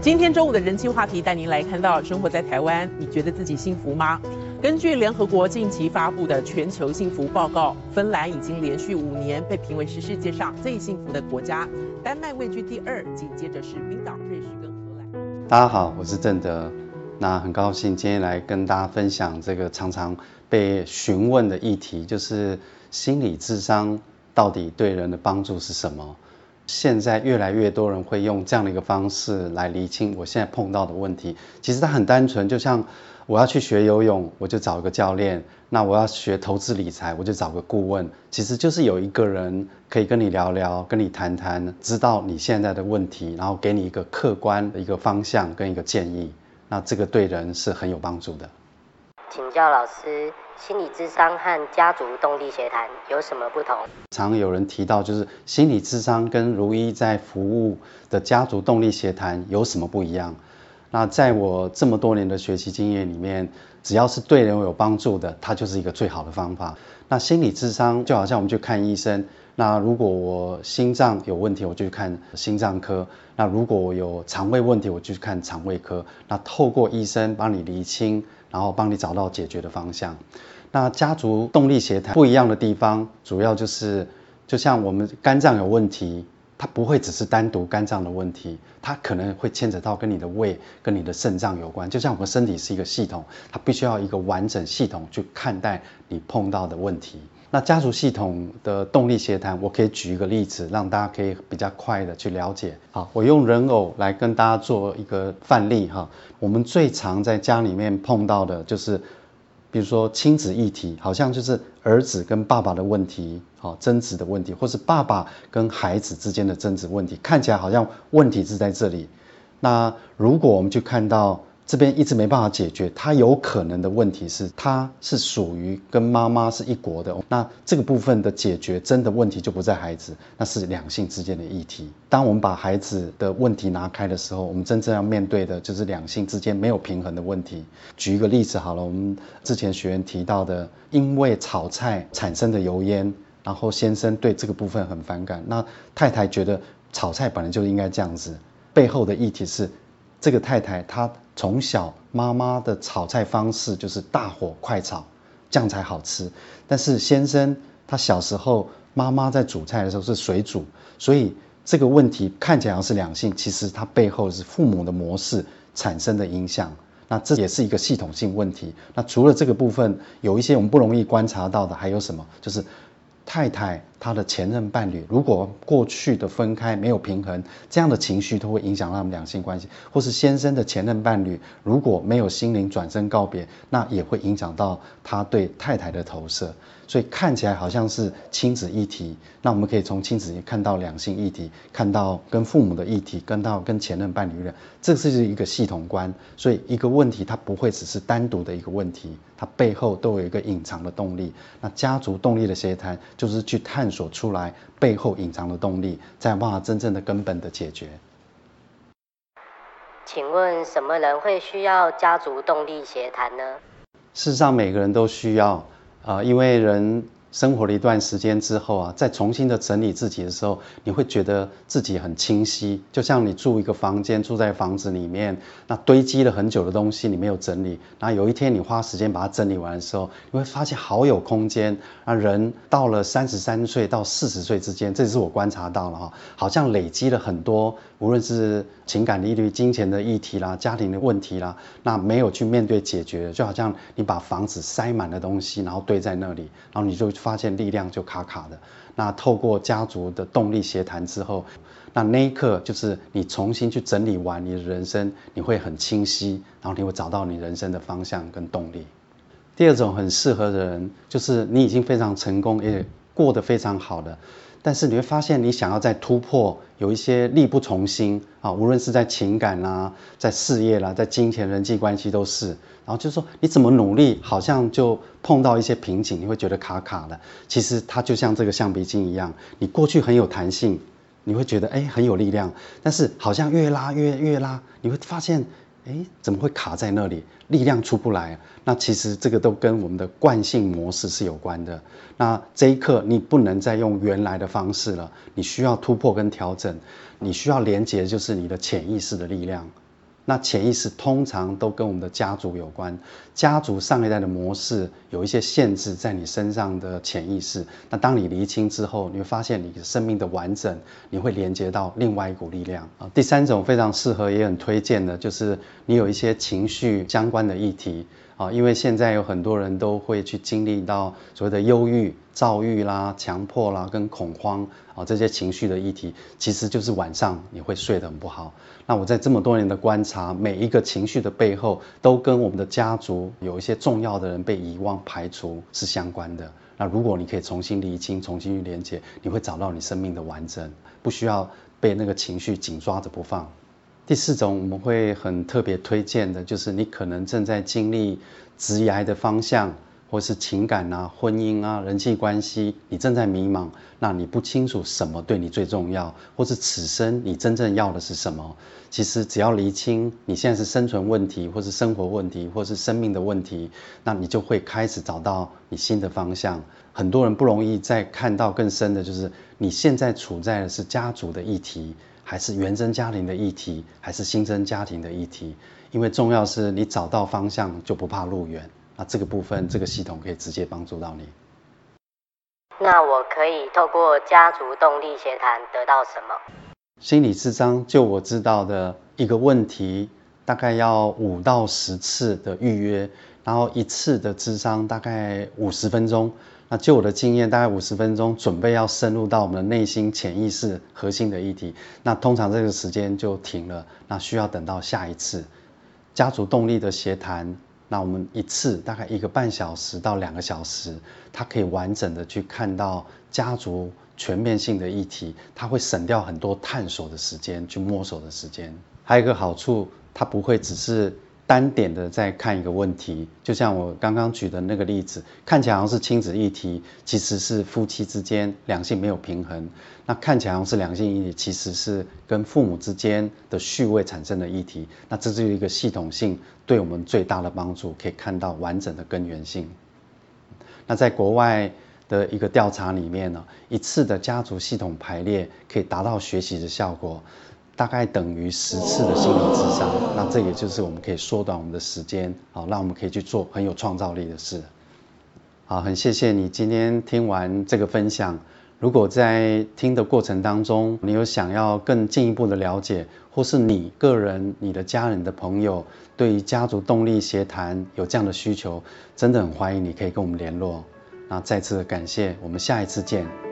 今天週五的人氣話題，帶您來看到生活在台灣，你覺得自己幸福嗎？根據聯合國近期發布的全球幸福報告，芬蘭已經連續五年被評為是世界上最幸福的國家，丹麥位居第二，緊接着是冰島、瑞士跟荷蘭。大家好，我是鄭德，那很高興今天來跟大家分享這個常常被詢問的議題，就是心理諮商到底對人的幫助是什麼？現在越來越多人會用這樣的一個方式來釐清我現在碰到的問題。其實它很單純，就像我要去學游泳，我就找一個教練；那我要學投資理財，我就找個顧問。其實就是有一個人可以跟你聊聊，跟你談談，知道你現在的問題，然後給你一個客觀的一個方向跟一個建議。那這個對人是很有幫助的。請教老師，心理諮商和家族動力協談有什麼不同？常有人提到，就是心理諮商跟如一在服務的家族動力協談有什麼不一樣？那在我這麼多年的學習經驗裡面，只要是對人有幫助的，它就是一個最好的方法。那心理諮商就好像我們去看醫生。那如果我心臟有問題，我就去看心臟科；那如果我有腸胃問題，我就去看腸胃科。那透過醫生幫你釐清，然後幫你找到解決的方向。那家族動力協談不一樣的地方，主要就是，就像我們肝臟有問題，它不會只是單獨肝臟的問題，它可能會牽扯到跟你的胃、跟你的腎臟有關。就像我們身體是一個系統，它必須要一個完整系統去看待你碰到的問題。那家族系統的動力協談，我可以舉一個例子，讓大家可以比較快的去了解。好，我用人偶來跟大家做一個範例哈。我們最常在家裡面碰到的就是，比如說親子議題，好像就是兒子跟爸爸的問題，好、啊，爭執的問題，或是爸爸跟孩子之間的爭執問題，看起來好像問題是在這裡。那如果我們去看到這邊一直沒辦法解決，他有可能的問題是，他是屬於跟媽媽是一國的，那這個部分的解決，真的問題就不在孩子，那是兩性之間的議題。當我們把孩子的問題拿開的時候，我們真正要面對的就是兩性之間沒有平衡的問題。舉一個例子好了，我們之前學員提到的，因為炒菜產生的油煙，然後先生對這個部分很反感，那太太覺得炒菜本來就應該這樣子，背後的議題是。這個太太她，從小媽媽的炒菜方式就是大火快炒，這樣才好吃。但是先生他小時候媽媽在煮菜的時候是水煮，所以這個問題看起來是兩性，其實它背後是父母的模式產生的影響。那這也是一個系統性問題。那除了這個部分，有一些我們不容易觀察到的還有什麼？就是太太。他的前任伴侶，如果過去的分開沒有平衡，這樣的情緒都會影響他們兩性關係；或是先生的前任伴侶，如果沒有心靈轉身告別，那也會影響到他對太太的投射。所以看起來好像是親子議題，那我們可以從親子看到兩性議題，看到跟父母的議題，跟到跟前任伴侶的，這是一個系統觀。所以一個問題，它不會只是單獨的一個問題，它背後都有一個隱藏的動力。那家族動力的協談，就是去探。探索出來背後隱藏的動力，再有辦法真正的根本的解決。請問什麼人會需要家族動力協談呢？事實上，每個人都需要，啊、呃，因為人。生活了一段時間之後啊，再重新的整理自己的時候，你會覺得自己很清晰。就像你住一個房間，住在房子裡面，那堆積了很久的東西，你沒有整理。那有一天你花時間把它整理完的時候，你會發現好有空間。那人到了三十三歲到四十歲之間，這是我觀察到了哈，好像累積了很多，無論是情感、利率、金錢的議題啦，家庭的問題啦，那沒有去面對解決，就好像你把房子塞滿的東西，然後堆在那裡，然後你就。發現力量就卡卡的，那透過家族的動力協談之後，那那一刻就是你重新去整理完你的人生，你會很清晰，然後你會找到你人生的方向跟動力。第二種很適合的人，就是你已經非常成功，也過得非常好了。但是你會發現，你想要再突破，有一些力不從心啊，無論是在情感啦、啊，在事業啦、啊，在金錢、人際關係都是。然後就是說你怎麼努力，好像就碰到一些瓶頸，你會覺得卡卡的。其實它就像這個橡皮筋一樣，你過去很有彈性，你會覺得哎，很有力量，但是好像越拉越越拉，你會發現。哎，怎麼會卡在那裡，力量出不來啊？那其實這個都跟我們的慣性模式是有關的。那這一刻你不能再用原來的方式了，你需要突破跟調整，你需要連接就是你的潛意識的力量。那潛意識通常都跟我們的家族有關，家族上一代的模式有一些限制在你身上的潛意識。那當你釐清之後，你會發現你的生命的完整，你會連接到另外一股力量。第三種非常適合也很推薦的，就是你有一些情緒相關的議題。啊，因為現在有很多人都會去經歷到所謂的憂鬱、躁鬱啦、強迫啦跟恐慌啊這些情緒的議題，其實就是晚上你會睡得很不好。那我在這麼多年的觀察，每一個情緒的背後，都跟我們的家族有一些重要的人被遺忘、排除是相關的。那如果你可以重新釐清、重新去連接，你會找到你生命的完整，不需要被那個情緒緊抓着不放。第四種我們會很特別推薦的，就是你可能正在經歷職業的方向，或是情感啊、婚姻啊、人際關係，你正在迷茫，那你不清楚什麼對你最重要，或是此生你真正要的是什麼。其實只要釐清你現在是生存問題，或是生活問題，或是生命的問題，那你就會開始找到你新的方向。很多人不容易再看到更深的，就是你現在處在的是家族的議題。還是原生家庭的議題，還是新生家庭的議題，因為重要是你找到方向就不怕路遠。那這個部分，這個系統可以直接幫助到你。那我可以透過家族動力協談得到什麼？心理諮商，就我知道的一個問題，大概要五到十次的預約，然後一次的諮商大概五十分鐘。那就我的經驗，大概五十分鐘準備要深入到我們的內心潛意識核心的議題，那通常這個時間就停了，那需要等到下一次家族動力的協談。那我們一次大概一個半小時到兩個小時，它可以完整的去看到家族全面性的議題，它會省掉很多探索的時間，去摸索的時間。還有一個好處，它不會只是單點的在看一個問題，就像我剛剛舉的那個例子，看起來好像是親子議題，其實是夫妻之間兩性沒有平衡。那看起來好像是兩性議題，其實是跟父母之間的序位產生的議題。那這就是一個系統性對我們最大的幫助，可以看到完整的根源性。那在國外的一個調查裡面呢，一次的家族系統排列可以達到學習的效果，大概等於十次的心理諮商，那這也就是我們可以縮短我們的時間，好，讓我們可以去做很有創造力的事，好，很謝謝你今天聽完這個分享，如果在聽的過程當中，你有想要更進一步的了解，或是你個人、你的家人的朋友，對於家族動力協談有這樣的需求，真的很歡迎你可以跟我們聯絡，那再次的感謝，我們下一次見。